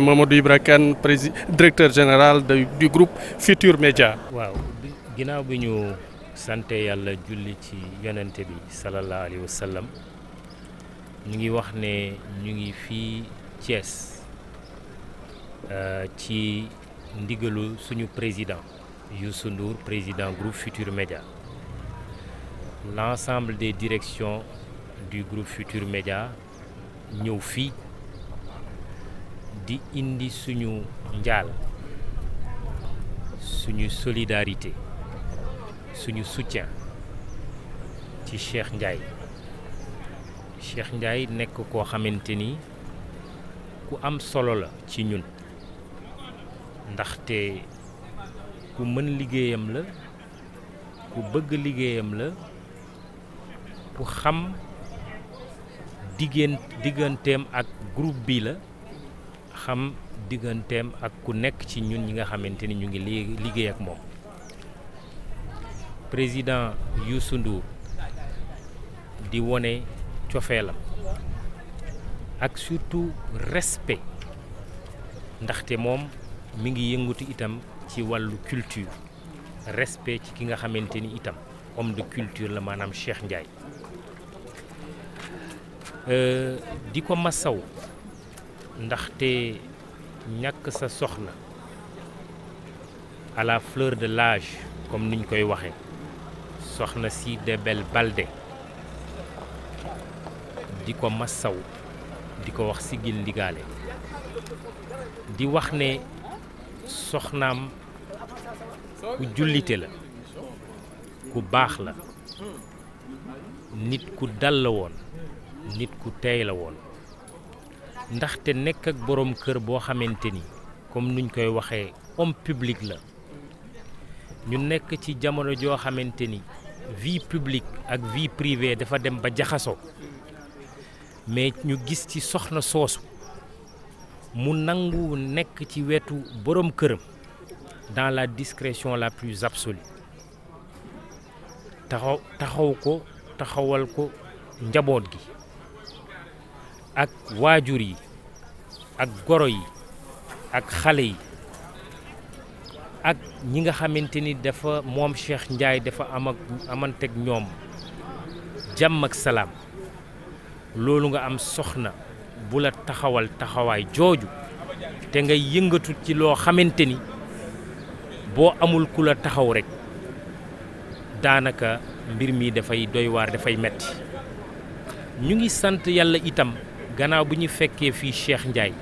Mamadou Ibrakan, directeur général du groupe Futur Média. waaw Ginaaw bi ñu sante yàlla julli ci yonenté bi sallallahu alayhi wa sallam ñu ngi wax né ñu ngi fii Thiès euh, ci ndigelu suñu président Youssou Ndour président groupe Futur Média l'ensemble des directions du groupe Futur Média ñeu fi di indi suñu njaal suñu solidarité suñu soutien ci Cheikh Ndiaye Cheikh Ndiaye nek koo xamante ku am solo la ci ñun ndaxte ku mën liggéeyam la ku bëgg liggéeyam la ku xam digganteem ak groupe bi la xam digganteem ak ku nekk ci ñun ñi nga xamante ni ñu ngi liggéey ak moom président yu Ndour di wone cofeelam ak surtout respect ndaxte moom mu ngi yëngutu itam ci wàllu culture respect ci ki nga xamante ni itam homme de culture la maanaam Cheikh Ndiaye euh, di ko masaw ndaxte ñàkk sa soxna à la fleur de l'âge comme niñ koy waxee soxna si Débel Baldé di ko massaw di ko wax si gil ndigaale di wax ne soxnaam ku jullite la ku baax la nit ku dal nit ku teey la woon ndaxte nekk ak borom kër boo xamante ni comme nuñ koy waxee homme public la ñu nekk ci jamono joo xamante ni vie publique ak vie privée dafa dem ba jaxasoo mais ñu gis ci soxna soosu mu nangu nekk ci wetu borom këram dans la discrétion la plus absolue taxaw taxaw ko taxawal ko njaboot gi ak waajur yi ak goro yi ak xale yi ak ñi nga xamante ni dafa moom Cheikh njaay dafa am ak amanteeg ñoom jàmm ak salaam loolu nga am soxna bu la taxawal taxawaay jooju te nga yëngatu ci loo xamante ni boo amul ku la taxaw rekk daanaka mbir mi dafay doy waar dafay metti ñu ngi sant yàlla itam gannaaw bu ñu fekkee fii Cheikh Ndiaye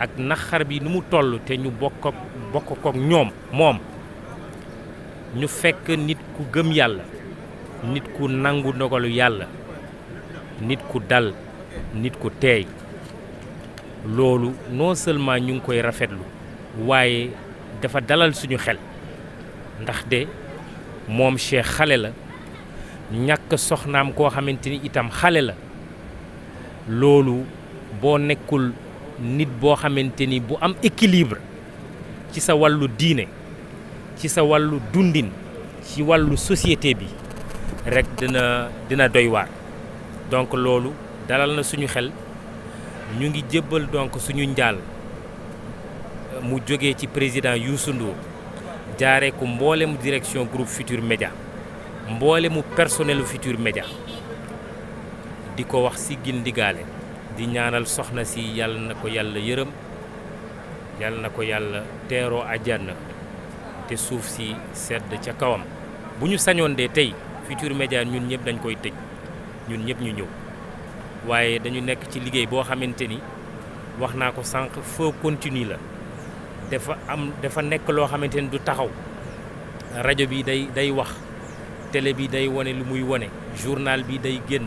ak naxar bi nu mu toll te ñu bokk ak bokk kook ñoom moom ñu fekk nit ku gëm yàlla nit ku nangu ndogalu yàlla nit ku dal nit ku teey loolu noo seulement ñu ngi koy rafetlu waaye dafa dalal suñu xel ndax de moom Cheikh xale la ñàkk soxnaam koo xamante ni itam xale la loolu boo nekkul nit boo xamante ni bu am équilibre ci sa wàllu diine ci sa wàllu dundin ci wàllu société bi rek dina dina doy waar donc loolu dalal na suñu xel ñu ngi jëbal donc suñu njaal mu jóge ci président Youssou Ndour jaaree ko mboolemu direction groupe Futur Média mboolemu personnelu Futur Média di ko wax si gindigaale di ñaanal soxna si yàlla na ko yàlla yërëm yàlla na ko yàlla teeroo àjjana te suuf si sedd ca kawam bu ñu sañoon de tey Futurs Médias ñun ñëpp dañ koy tëj ñun ñëpp ñu ñëw waaye dañu nekk ci liggéey boo xamante ni wax naa ko sànq foo continue la dafa am dafa nekk loo xamante ni du taxaw rajo bi day day wax télé bi day wone lu muy wone journal bi day génn